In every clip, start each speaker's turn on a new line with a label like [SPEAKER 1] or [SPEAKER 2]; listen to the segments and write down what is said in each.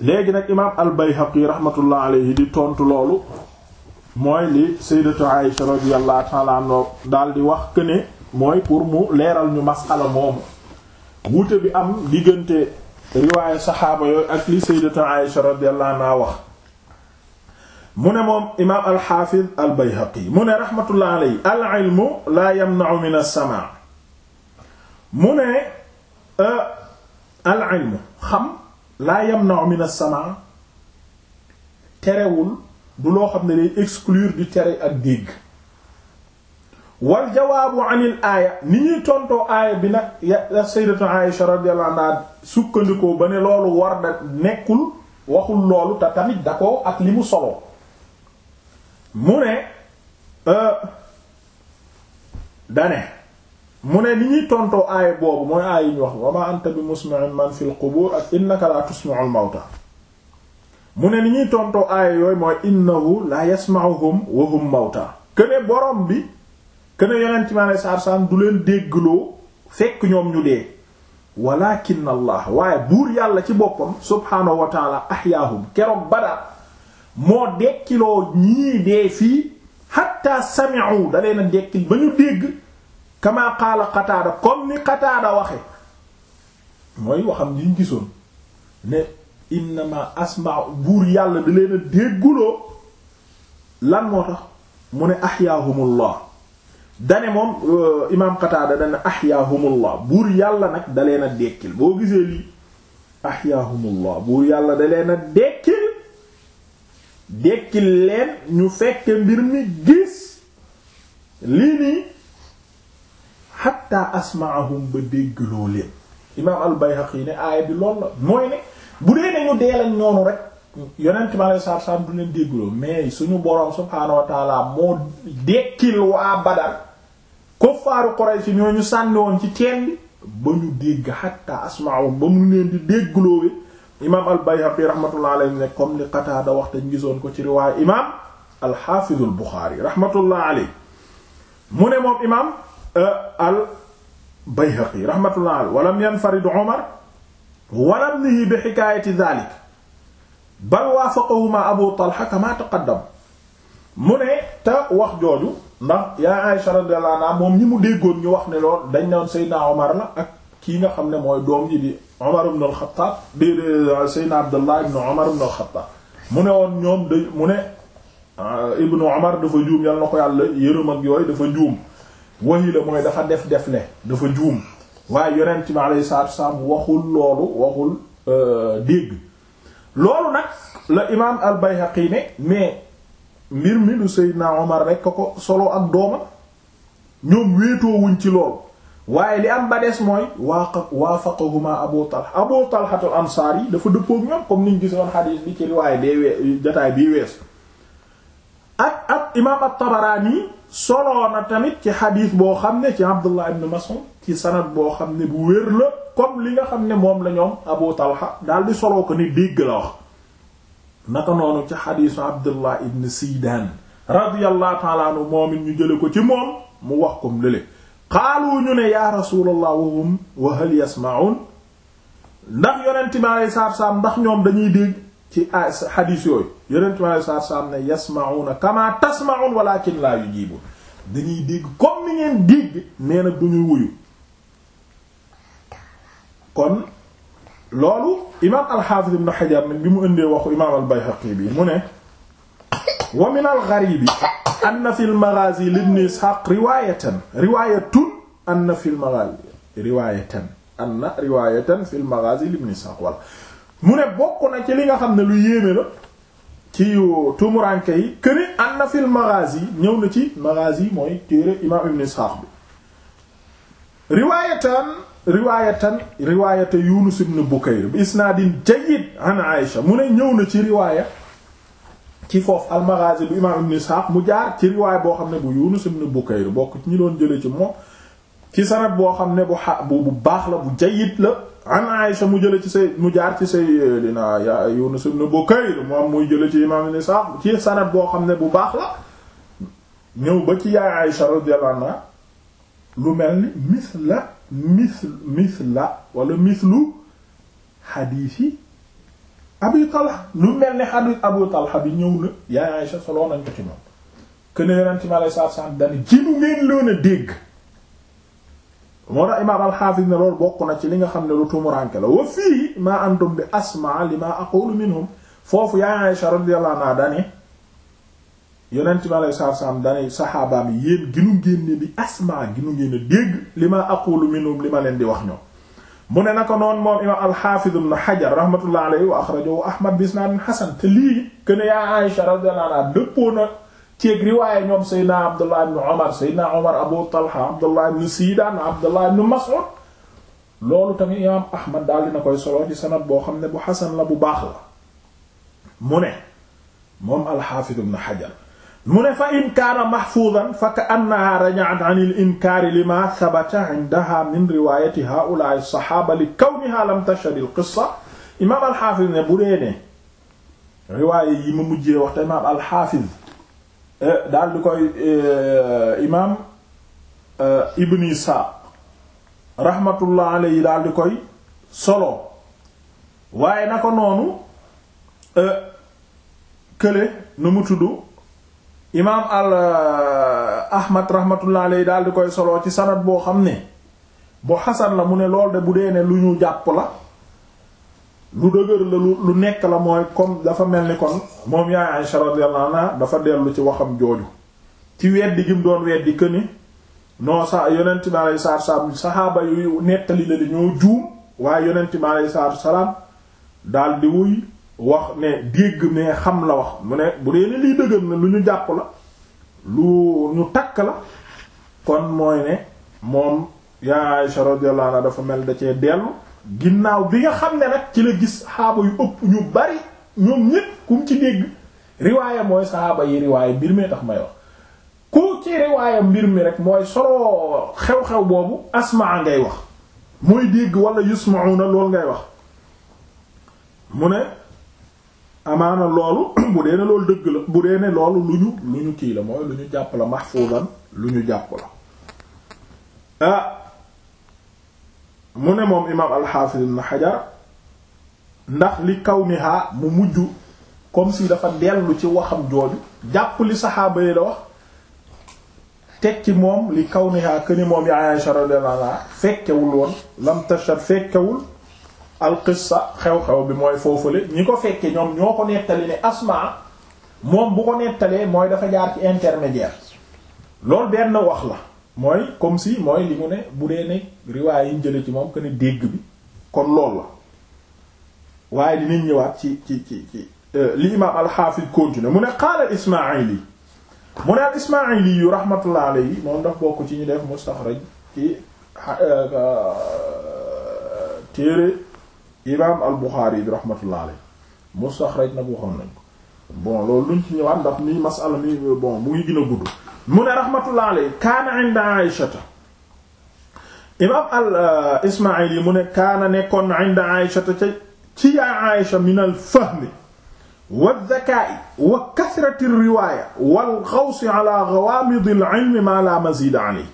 [SPEAKER 1] léegi nag imaam al-Bayhaqi rahmatullah alayhi di tontu loolu mooy li sayyidatu Aïsha radiyallahu ta'ala anha daal di wax que mooy pour mu leeral ñu masala moomu wuute bi am diggante riwaayu saxaaba yooyu ak li sayyidatu Aïsha radiyallahu anha wax mu ne moom imaam al-Hafiz al-Bayhaqi mu ne rahmatullah alayhi al-ilmu la yamna'u min as-sama' mu ne euh, al-ilmu xam laa yamna'u min as-sama' terewul du loo xam ne day exclure du tere ak dégg wal jawaabu anil aaya ni ñuy tontoo aaya bi nag ya sayyidatu Aisha radiyallahu anha sukkandikoo ba ne loolu war da nekkul waxul loolu te tamit da ak li mu solo mu ne euh, dane mu ne ni ñuy tontoo aaya boobu mooy aaya yi ñu wax wa ma anta bi musmi'in man fil qubur ak innaka la tusmi'ul mawta mu ne ni ñuy tontoo aaya yooyu mooy innahu la yasma'uhum wa mawta kene borom bi kene yonent mi alei satu salaam du leen déggloo fekk ñoom ñu dee walakin allah waaye buur yàlla ci boppam subhaanahu wa taala ahyaahum keroog badar moo dekkiloo ñii dee fii hatta sami'u da leen dekkil ba ñu dégg kama qaala Qataada comme ni Qataada waxe mooy waxam liñ gisoon ne innama asma buur yàlla da leen a dégguloo lan moo tax mu ne ahyaahumullah dane moom euh, imaam Qataada dane ahyaahumullah buur yàlla nag da leen a dekkil boo gisee lii ahyaahumullah buur yàlla da leen a dekkil leen ñu fekke mbir mi gis lii nii xatta asmaahum ba déggloo leen imaam al ne aaya bi loolu la mooy ne bu dee nañu deelañ noonu rek yonent mi alei satu salaam du leen déggloo mais suñu boroom subhaanahu wa taala moo dekkil waa Badar kuffaaru Quraysh ñoo ñu sànni woon ci teen ba ñu dégg xatta asmaahum ba mu leen di déggloo bi imaam al-Bayhaqi rahmatullah alayhi ne comme li Qataada gisoon ko ci riwaaya imaam al-Haafiz al-Buxaari mu ne moom imaam Euh, al Bayhaqi rahmatullah alayhi wa lam Umar wa ibnihi bi hikaayati dhaalika bal waafaqahumaa Abu Talha kamaa taqaddam mu ne te wax jooju ndax yaa Aysha radiyallahu anha moom ñi mu déggoon ñu wax ne lool dañ ne woon Seydina Omar la ak kii nga xam ne mooy doom ji di Omar ibn al di Seydina Abdullah ibn Omar ibn al mu ne woon ñoom da mu ne ah, Ibn Omar dafa juum yal na ko yàlla yërëm ak yooyu dafa juum. wahi la mooy dafa def def le dafa juum waaye yonent bi alayhi salaatu wasalaam waxul loolu waxul euh, dégg loolu nag la imaam al-Bayhaqi ne mais mbir mi du Seydina Omar rek ko solo ak doomam ñoom wéetoowuñ ci loolu waaye li am ba des mooy waaqa waafaqahuma Abu Talha Abu Talha al yi dafa dëppook ñoom comme niñ gisoon xadiis bi ci riwaay bee wee jataay bii weesu ak ak imaam at-Tabaraani soloo na tamit ci xadiis boo xam ne ci Abdullah ibn Mas'ud ci sanad boo xam ne bu wér la comme li nga xam ne moom la ñoom Abu Talha daal di soloo ko ni dégg la wax naka noonu ci xadiisu Abdullah ibn Siidaan radiyallahu ta'ala anhu ñu jële ko ci moom mu wax kom lële xaalu ñu ne yaa rasulallah wahum wa hal yasma'un ndax yonent bi alayhi ndax ñoom dañuy dégg ci xadiis yooyu yonentu Yàlla saa saam ne yasma'una kama tasma'un walakin la yujibun dañuy dégg comme ni ngeen dégg nee na duñu wuyu kon loolu imaam al-Hafiz ibn Hajar bi mu indee waxu imaam al bi mu ne wa min al-gharib fi al-maghazi li ibn Ishaq riwayatan riwayatun anna fi al-maghazi riwayatan anna li ibn mu ne bokk na ci li nga xam ne lu yéeme la ci yu yi këni anna fil ñëw na ci maghazi mooy téere imaam ibn Ishaq bi riwaayatan riwaayatan riwaayata Yunus ibn Bukayr bi isnaadin jayyid an Aisha mu ne ñëw na ci riwaaya ci foofu al maghazi bu imaam ibn Ishaq mu jaar ci riwaaya boo xam ne bu Yunus ibn Bukayr bokk ci ñi doon jële ci moom ci sanad boo xam ne bu xa bu baax la bu jayyid la an Aisha mu jële ci say mu jaar ci sayyidina euh, Yunus ibn Bukayr moom muy jële ci imam Ibn Sa'd ci sanad boo xam ne bu baax la ñëw ba ci yaay Aisha radiyallahu anha lu mel ni misla misl misla wala mislu xadiis yi Abi Talha lu mel ni xadiis Abu Talha bi ñëw na yaay Aisha soloo nañ ko ci moom kuene yonent mi sallallahu alayhi wasallam dana ji ngeen loon dégg moo tax imaam alxaafis ne loolu bokk na ci li nga xam ne lu tumuranke la wa fii maa antum bi asmaa li maa aqulu minhum foofu yaa Aysha radiyallahu anha dane mu bi ne di asmaa li ma leen di wax mu ne naka noonu moom imaam alxaafis ibn Hajar rahmatullah alayhi Ahmad bi isnaadin te lii que yaa Aysha radiyallahu anha ceeg riwaaye ñoom Seydina Abdullah ibn Omar Seydina Omar Abu Talha Abdullah ibn Siidaan Abdullah ibn Mas'ud loolu tamit imaam Ahmad daal dina koy solo ci sanad boo xam ne bu xasan la bu baax la mu ne moom al-Haafid ibn Hajar mu ne fa in kaana mahfuuzan fa ka'annahaa raja'at 'an al-inkaar limaa thabata 'indahaa min riwaayati haa'ulaa'i as-sahaaba li kawnihaa lam tashhad al-qissa imaam al-Haafid ne bu dee ne riwaaye yi ma mujjee wax te imaam al-Haafid Eh, daal di koy eh, imaam eh, ibn Isaaq rahmatullah yi daal di koy solo waaye na ko noonu kële nu mu tudd imaam al ahmad rahmatullah yi daal di koy solo ci sanad boo xam ne boo xasan la mu ne lool de bu dee ne lu ñu jàpp la lu dëgër la lu nekk la mooy comme dafa mel ni kon moom yaay Aisha radiyallahu anha dafa dellu ci waxam jooju ci weddi gi mu doon weddi këni non sa yonent bi sa salaatu salaam saxaaba yu nettali la li ñoo juum waaye yonent bi aleyhi salaatu salaam daal di wuy wax ne dégg ne xam la wax mu ne bu dee ne liy dëgër na lu ñu jàpp la lu ñu takk la kon mooy ne moom yaay Aisha radiyallahu anha dafa mel da cee dellu ginnaaw bi nga xam ne nag ci la gis saxaaba yu ëpp ñu bari ñoom ñépp ku mu ci dégg riwaaya mooy saxaaba yi riwaaya mbir mi tax may wax ku ci riwaaya mbir mi rek mooy solo xew-xew boobu asmaa ngay wax mooy dégg wala na loolu ngay wax mu ne amaana loolu bu dee ne loolu dëgg la bu dee ne loolu lu ñu lu ñu kii la mooy lu ñu jàpp la mahfuzan lu ñu jàpp la ah, mu ne moom imaam alxaafis ibn xajar ndax li kaw ni haa mu mujj comme si dafa dellu ci waxam jooju jàpp li saxaaba yi la wax teg ci moom li kaw ni haa këni moom yaa Aysa radiyallaahu anhaa fekkewul woon lam tashar fekkewul al qissa xew-xew bi mooy foofule ñi ko fekke ñoom ñoo ko nettali ne asmaa moom bu ko nettalee mooy dafa jaar ci intermédiaire loolu benn wax la mooy comme si mooy li mu ne bu dee nekk riwaay yi ñu jële ci moom que ni dégg bi kon lool la waaye dinañ ñëwaat ci ci ci ci euh, li imaam alxaafid continue mu ne qaala ismaili mu ne al ismaili yu rahmatullah alayhi moom daf bokk ci ñu def mustaxraj ci euh, téere imaam al buxaari bi rahmatullah alayhi mustaxraj nag waxoon nañ ko bon loolu luñ ci ñëwaat ndax ni masala mi bon mu ngi gën a gudd mu ne rahmatullah alayhi kaana inda aïshata imam al euh, ismail yi mu ne kaana nekkoon inda aïshata ca ci yaa aïsha min al fahmi wa dhakaa'i wa kathrati riwaaya wal xawsi ala gawaamidi al ilmi ma la maziid alayhi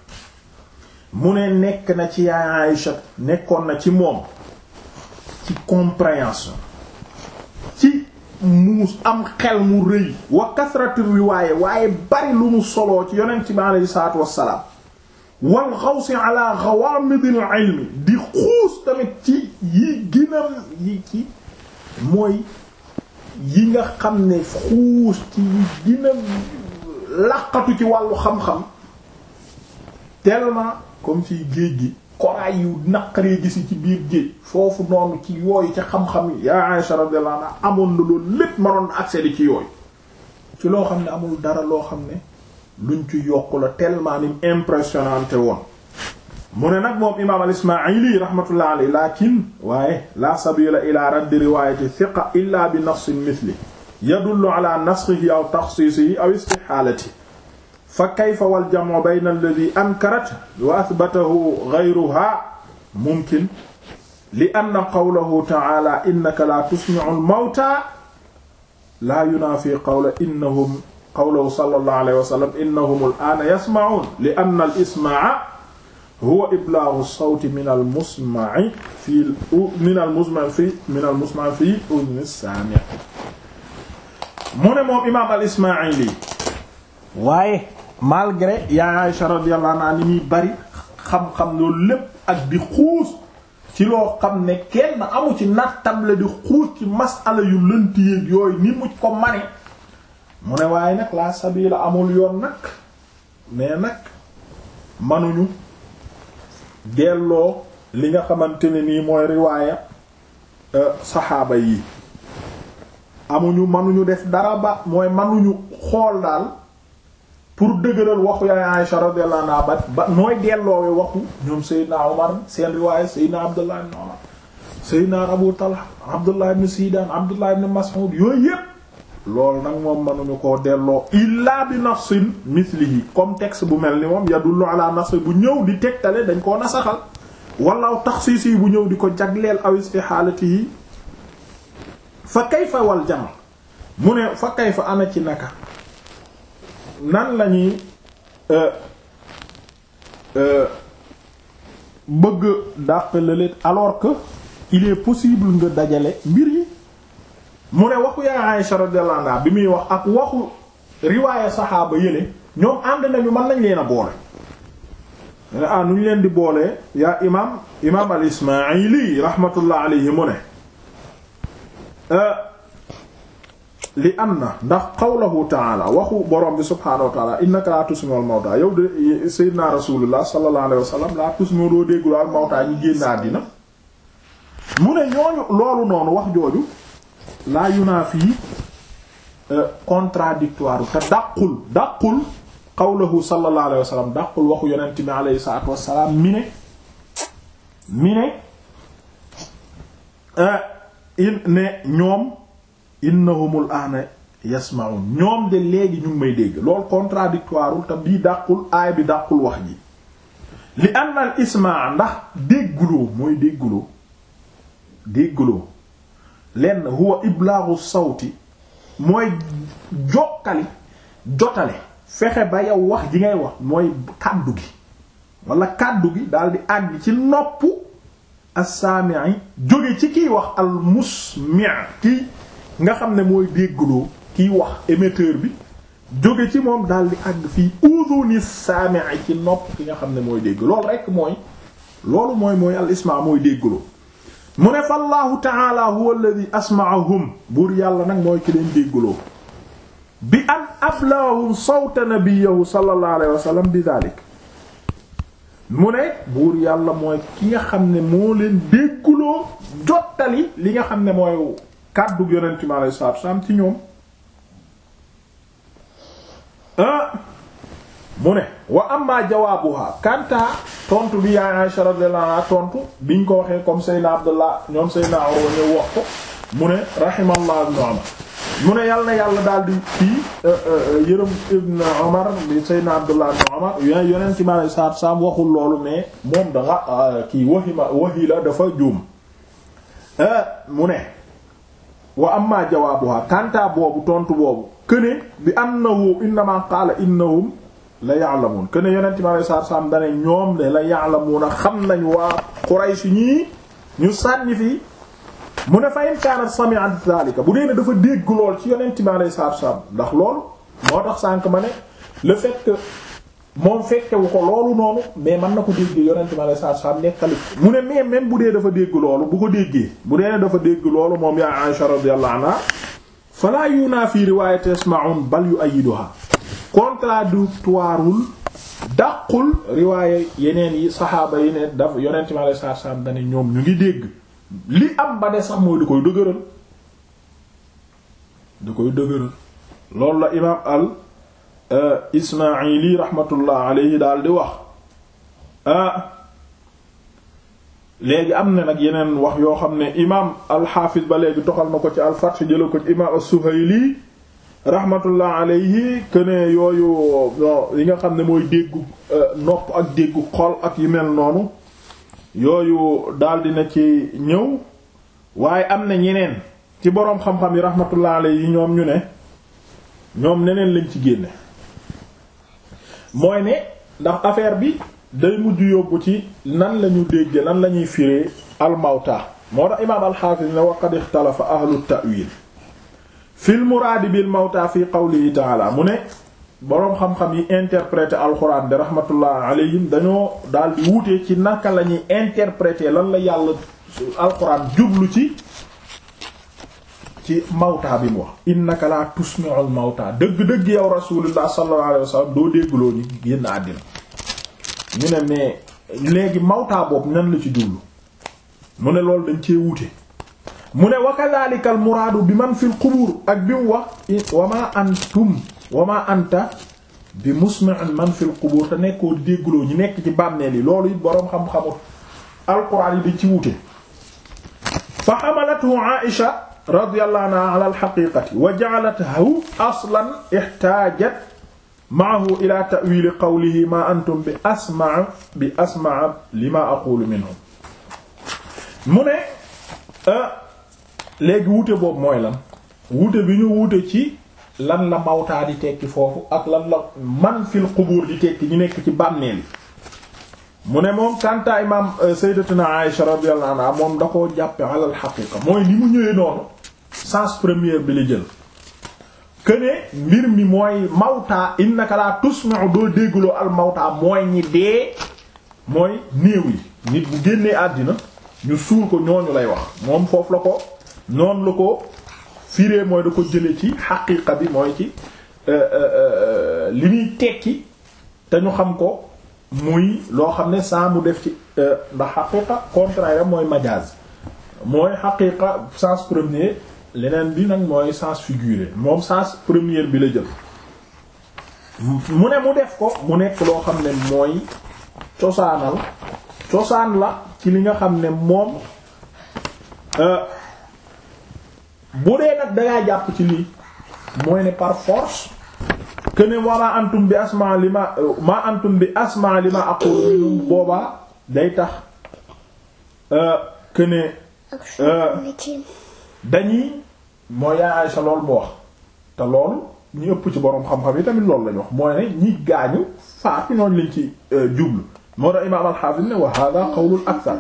[SPEAKER 1] mu ne nekk na ci yaa aïsha nekkoon na ci moom ci compréhension muus am xel mu rëy wa kasratu riwaaye waaye bari lu mu soloo ci yonent bi aleyhi salaatu wassalaam wal xawsi ala xawaamidil ilmi di xuus tamit ci yi ginam yi ci mooy yi nga xam ne xuus ci yi ginam laqatu ci wàllu xam-xam tellement comme ci géej gi xoraay yu naqaree gisi ci biir géej foofu noonu ci yooyu ci xam-xam ya Aisha radiyallahu anha amoon na loolu lépp maroon na accès ci yooyu ci loo xam ne amul dara loo xam ne luñ ci yokku la tellement nim impressionnante woon mu ne nag moom imaam al ismaili rahmatullah alayhi lakin waaye la sabila ila raddi riwayati thiqa illa bi nafsin mithli yadullu ala nasxihi aw taxsiisihi aw istixaalati fa kayfa wal jamu bayna alladhi ankarat wa athbatahu ghayruha mumkin li anna qawlahu ta'ala innaka la tusmi'u al-mawta la yunafi qawla innahum qawlahu sallallahu alayhi wa sallam innahum al-ana yasma'un li anna al-isma'a huwa iblaagu as-sawti min al-musma'i fi min al-musma'i fi min al-musma'i fi udhni as-sami' mu ne moom imaam al-Isma'ili waaye malgré yaa Aïcha radiyallahu anha ni muy bari xam-xam loolu lépp ak di xuus ci loo xam ne kenn amu ci nattable di xuus ci masala yu lënt yéeg yooyu ni mu ko mane mu ne waaye nag laa sabila amul yoon nag mais nag manuñu delloo li nga xamante ne nii mooy riwaaya euh, saxaaba yi amuñu manuñu def dara ba mooy manuñu xool daal pour dëgëral waxu yaay Aisha radiyallahu anha ba ba nooy delloowe waxu ñoom Seydina Omar seen riwaaye Seydina Abdullah ibn Omar Seydina Abu Talha Abdullah ibn Sidan Abdullah ibn Mas'ud yooyu yépp loolu nag moom mënuñu koo delloo illa bi nafsin mislihi comme texte bu mel ni moom yadullu ala nafsi bu ñëw di tegtale dañ koo nasaxal wala tax yi bu ñëw di ko jagleel aw istihaalati yi fa kayfa wal jam mu ne fa kayfa ana ci naka nan lañuy euh, euh, bëgg dàq lëleet alors que il est possible nga dajale mbir yi mu ne waxu yaa Aïsha radiyallahu anha bi muy wax ak waxu riwaaya saxaaba yële ñoo ànd nañu mën nañ leen a boole ne ah nu ñu leen di boole yaa imaam imaam al Ismaayili rahmatullah alayhi mu ne euh, li am na ndax qawluhu ta'ala waxu borom bi subhaanahu wa ta'ala innaka laa tusmi'ul mawtaa yow de sayyidina rasulullah sallallahu alayhi wa sallam laa tusmi'u doo déggul al mawtaa ñu génn àddina mu ne ñooñu loolu noonu wax jooju laa yunaafi euh, contradictoire te dàqul dàqul qawluhu sallallahu alayhi dàqul waxu yonent bi alayhi salaatu wa mi ne mi ne euh, ne ñoom innahumul aana yasmaun ñoom de léegi ñu may dégg loolu contradictoire te bii dàqul aay bi dàqul wax ji li anna al ismaa ndax dégguloo mooy dégguloo dégguloo lenn huwa iblaaru sawti mooy jokkali jotale fexe ba yow wax ji ngay wax mooy kàddu gi wala kàddu gi daal di àgg ci nopp as-saami'i jóge ci kiy wax al musmi' ki nga xam ne mooy déggloo kiy wax émetteur bi jóge ci moom daal di àgg fii uduni saami'i ci nopp ki nga xam ne mooy dégg loolu rek mooy loolu mooy mooy al mooy déggloo mu ne fa allahu taala huwa alladhi asma'ahum buur yàlla nag mooy ki leen déggloo bi an aflahum sawta nabiyahu sallallahu alayhi wa sallam bi dalik mu ne buur yàlla mooy ki nga xam ne moo leen déggloo jottali li nga xam ne mooy kàddu yonent mi alayhi salaatu ci ñoom ah, mu ne wa amma jawaabuha kanta tontu bi yaa Aisha radiyallahu anha tontu biñ ko waxee comme Seydina ñoom Seydina Urwa ñëw wax ko mu ne rahimallahu ibn Umar mu ne yàlla na yàlla daal di fii eh, eh, yërëm ibn Umar bi Seydina Abdullah ibn Umar y waxul loolu mais moom danga ah, kii wahima wahi la dafa juum eh, mu ne waa am wa amma jawaabuha kanta boobu tontu boobu këne bi am na annahu innama qaala innahum la moon këne yonent mi alayhi salaatu salaam dane ñoom de la ya'lamuuna xam nañu waa Quraysh ñii ñu sànni fii mu ne fa in kaanat sami'at zaalika bu dee ne dafa dégg lool ci yonent mi alayhi salaatu salaam ndax loolu moo tax sànk ma ne le fait moom fekkewu ko loolu noonu mais mën na ko dégg yonent ma la saa saa nekkali mu ne mais même bu dee dafa dégg loolu bu ko déggee bu dee dafa dégg loolu moom yaa Aisha radiyallahu anha fala yunaafi riwayat yasma'un bal yu'ayyiduha contradictoireul dàqul riwaaye yeneen yi saxaaba yi ne daf yonent ma la saa saa dane ñoom ñu ngi dégg li am ba de sax mooy du koy dëgëral du koy dëgëral loolu la imaam al Euh, Ismaayili rahmatullah alayhi daal di wax ah, léegi am na nag yeneen wax yoo xam ne imaam alxaafis ba léegi toxal na ko ci alfath jëla ko ci imaam as-Suhayli rahmatullah alayhi këne yooyu yi nga xam ne mooy déggu euh, nopp ak déggu xol ak yu mel noonu yooyu daldi na ci ñëw waaye am na ñeneen ci boroom xam-xam yi rahmatullah yi ñoom ñu ne ñoom neneen lañ ci génne mooy ne ndax affaire bi day mujj yóbbu ci nan la ñu dégge nan la ñuy firee almawta moo tax imaam alxaafis ne waqad ixtalafa ahlu ta'wil fil muraadi bil mawta fi qawlihi taala mu ne boroom xam-xam yi interpréter alxuraan bi rahmatullah alayhim dañoo daal di wuute ci naka la ñuy interpréter lan la yàlla alxuraan jublu ci ci mawtaa bi mu wax naka la tusmi'ul mawtaa dëgg-dëgg yow rasulullah sallallahu alayhi wasallam doo déggloo ñu génn àddina ñu ne mais léegi mawtaa boobu nan la ci jublu mu ne loolu dañ cee wuute mu ne wa muraadu bi man fi qubur ak wa ma ma anta bi musmi'in man fil qubur te nekkoo déggloo ñu nekk ci bàmmeel yi loolu it boroom xam-xamut alquran dañ ci wuute fa hamalatu Aïsha radiyallahu anha ala alxaqiqati wa ja'alathu aslan ihtaajat maahu ila ta'wili qawlihi ma antum bi asmaa bi asmaa lima aqulu minhum mu ne ah, léegi wuute boobu mooy lan wuute bi ñu wuute ci lan la mawtaa di tekki foofu ak lan la man fil qubuur di tekki ñu nekk ci bàmmeel mu ne moom kanta imam euh, sayyidatuna Aisha radiyallahu anha moom da koo jàppe alal xaqiqa mooy ni mu ñëwee noonu sens première bi la jël këne mbir mi mooy mawta innaka la tusma'u doo déggloo al mawta mooy ñi dee mooy néew yi nit bu génnee àddina ñu suul ko ñooñu lay wax moom foofu la ko noonu la ko firee mooy da ko jële ci xaqiqa bi mooy ci euh, euh, li muy tekki te ñu xam ko muy loo xam ne saa mu def ci euh, ndax xaqiqa contraire mooy majaaz mooy xaqiqa sance premier leneen bi nag mooy sance figuré moom sance première bi la jël mu ne mu def ko mu nekk loo xam ne mooy cosaanal cosaan la ci li nga xam ne moom euh, bu dee nag dangaa jàpp ci lii mooy ne par force këne wama antum bi asma li ma ma antum bi asma li ma aqulu minum boobaa day tax këne euh, euh, dañuy mooy yaay sa lool mu wax te loolu ñu ëpp ci boroom xam-xam yi tamit loolu lañu wax mooy ne ñi gaañu faatu ñooñ lañ ci euh, jublu moo tax imaam al ne wa hada qawlul akthar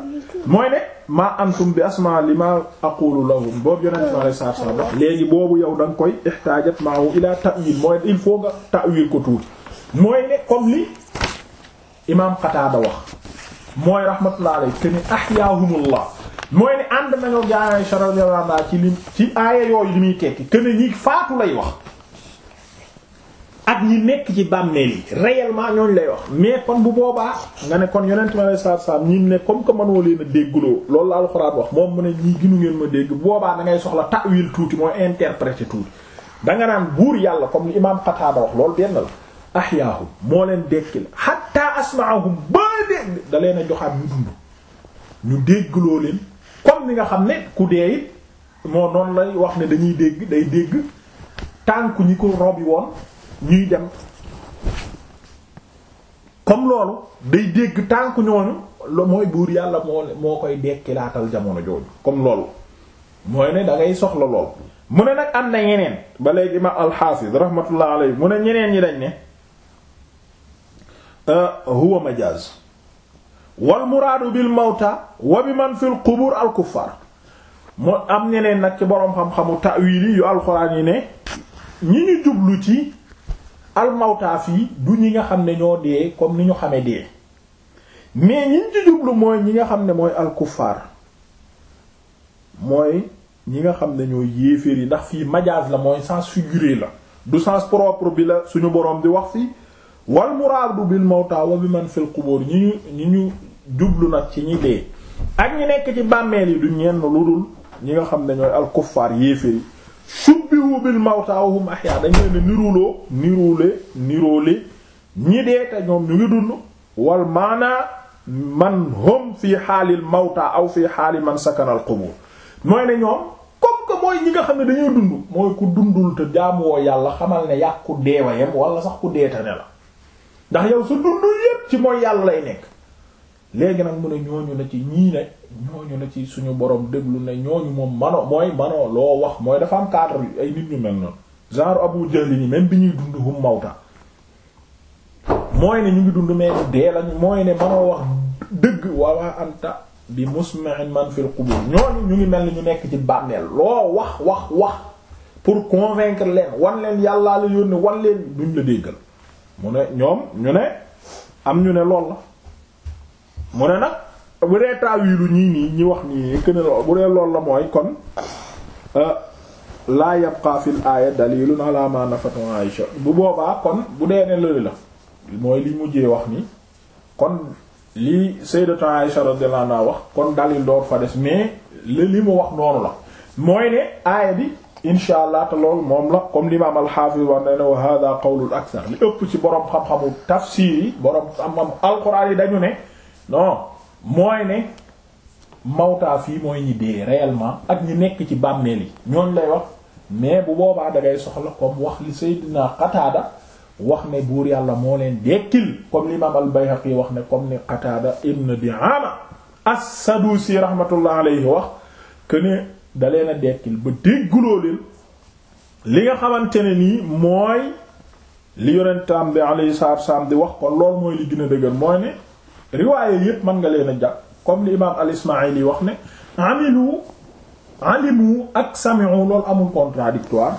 [SPEAKER 1] mooy ne ma antum bi asmaa li ma aqulu lahum boobu yonent ma lay saar saar wax léegi boobu yow da koy ihtaajat maahu ila ta'wil mooy il faut nga ko tuuti mooy ne comme li imaam Qataada wax mooy rahmatullah alayhi te ni mooy ne ànd nañoo jaay sharal ci lim ci aaya yooyu li muy tekki que faatu lay wax at ñi nekk ci bàmmeel yi réellement ñooñu lay wax mais kon bu boobaa nga ne kon yonent mi alayhi salaatu salaam ñi ne comme que mënoo leen a déggloo loolu la alxuraan wax moom mu ne ñii ginu ngeen ma dégg boobaa da ngay soxla ta'wil tuuti mooy interpréter tuuti da nga naan buur yàlla comme li imaam Qataada wax loolu benn la ahyaahum moo leen dekkil hatta asma'ahum ba dégg da leen a joxaat ñu dund ñu déggloo leen comme ni nga xam ne ku dee it moo noonu lay wax ne dañuy dégg day dégg tànku ñi ko robi ñuy dem comme loolu day dégg tànk ñooñu lo mooy buur yàlla moo moo koy dekkilaatal jamono jooju comme loolu mooy ne dangay ngay soxla lool mu ne nag am na ñeneen ba léegi imam alxaafis rahmatullah mu ne ñeneen ñi dañ ne euh, huwa majaz wal muraadu bil mawta wa bi man fil qubur al kuffar moo am ñeneen nag ci boroom xam-xamu ta'wili yu alxuraan yi ne ñi ñu jublu ci almawtaa yi du ñi nga xam ne ñoo dee comme ni ñu xamee dee mais ñi ci ñi nga xam ne mooy alkufaar mooy ñi nga xam ne ñooy yéeféer yi ndax fii majaas la mooy sens figuré la du sens propre bi la suñu boroom bi wax si wal muraadu bil mawtaa wa bi man fil qubur ñi ñu ñi ñu jublu nag ci ñi dee ak ñi nekk ci bàmmeel yi du ñenn lu dul ñi nga xam ne ñooy alkufaar yéeféer yi subbihu bil mawta wa hum ahya dañ leen niruloo niroole niroole ñi dee te ñoom ñu ngi dund wal maana man hum fii xaalil mawta aw fii xaali man sakana al mooy ne ñoom comme que mooy ñi nga xam ne dañoo dund mooy ku dundul te jaamuwoo yàlla xamal ne yàq ku deewayam wala sax ku deeta ne la ndax yow su dundul yépp ci mooy yàlla lay nekk léegi nag mu ne ñooñu la ci ñii ne ñooñu la ci suñu borom déglu ne ñooñu moom mano mooy manoo loo wax mooy dafa am cadre ay nit ñu mel noonu genre Abu bi ñuy dund hum mawta mooy ne ñu ngi dund dëgg wala bi musmi'in man fil qubur ñu ngi mel ni ñu nekk ci bàmmeel loo wax wax wax pour convaincre leen wan leen yàllaa la yónni wan leen duñ la déggal mu ne ñoom ñu ne am ñu ne lool la mu ne nag bu dee taawilu ñii nii ñi wax nii nii këne bu dee lool la mooy kon euh, laa yabqa fil aaya dalilun ala ma nafatu Aisha bu boobaa kon bu dee ne loolu la mooy li mujjee wax nii kon li sayyidatu Aisha radiyallahu anha wax kon dalil door fa des mais li li mu wax noonu la mooy ne aaya bi insha allah loolu moom la comme l'imam al-Hafiz wax ne ne wa hada qawlul akthar li ëpp ci borom xam-xamu tafsir yi borom xam-xam alquran yi dañu ne. non mooy ne mawtaa fii mooy ñi dee réellement ak ñi nekk ci bàmmeel yi ñooñ lay wax mais bu boobaa da ngay soxla comme wax li Seydina Qataada wax ne buur yàlla moo leen dekkil comme l'imam al-Bayhaqi wax ne comme ni Qataada ibn Di'aama as-Sadusi rahmatullah alayhi wax que ne da leen a dekkil ba dégguloo leen li nga xamante ne nii mooy li yonentaam bi alayhi salaatu wa salaam di wax ko lool mooy li gën a dëgër mooy ne riwaaye yépp mën nga leen a jàpp comme li imaam al-Ismaili wax ne amilu alimu ak sami'u lool amul contradictoire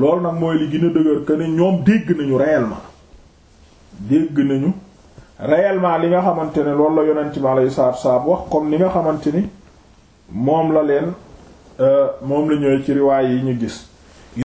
[SPEAKER 1] loolu nag mooy li gën a dëgër que ne ñoom dégg nañu réellement dégg nañu réellement li nga xamante ne loolu la yonent bi alayhi salaatu salaam wax comme ni nga xamante ni moom la leen euh, moom la ñëwee ci riwaay yi ñu gis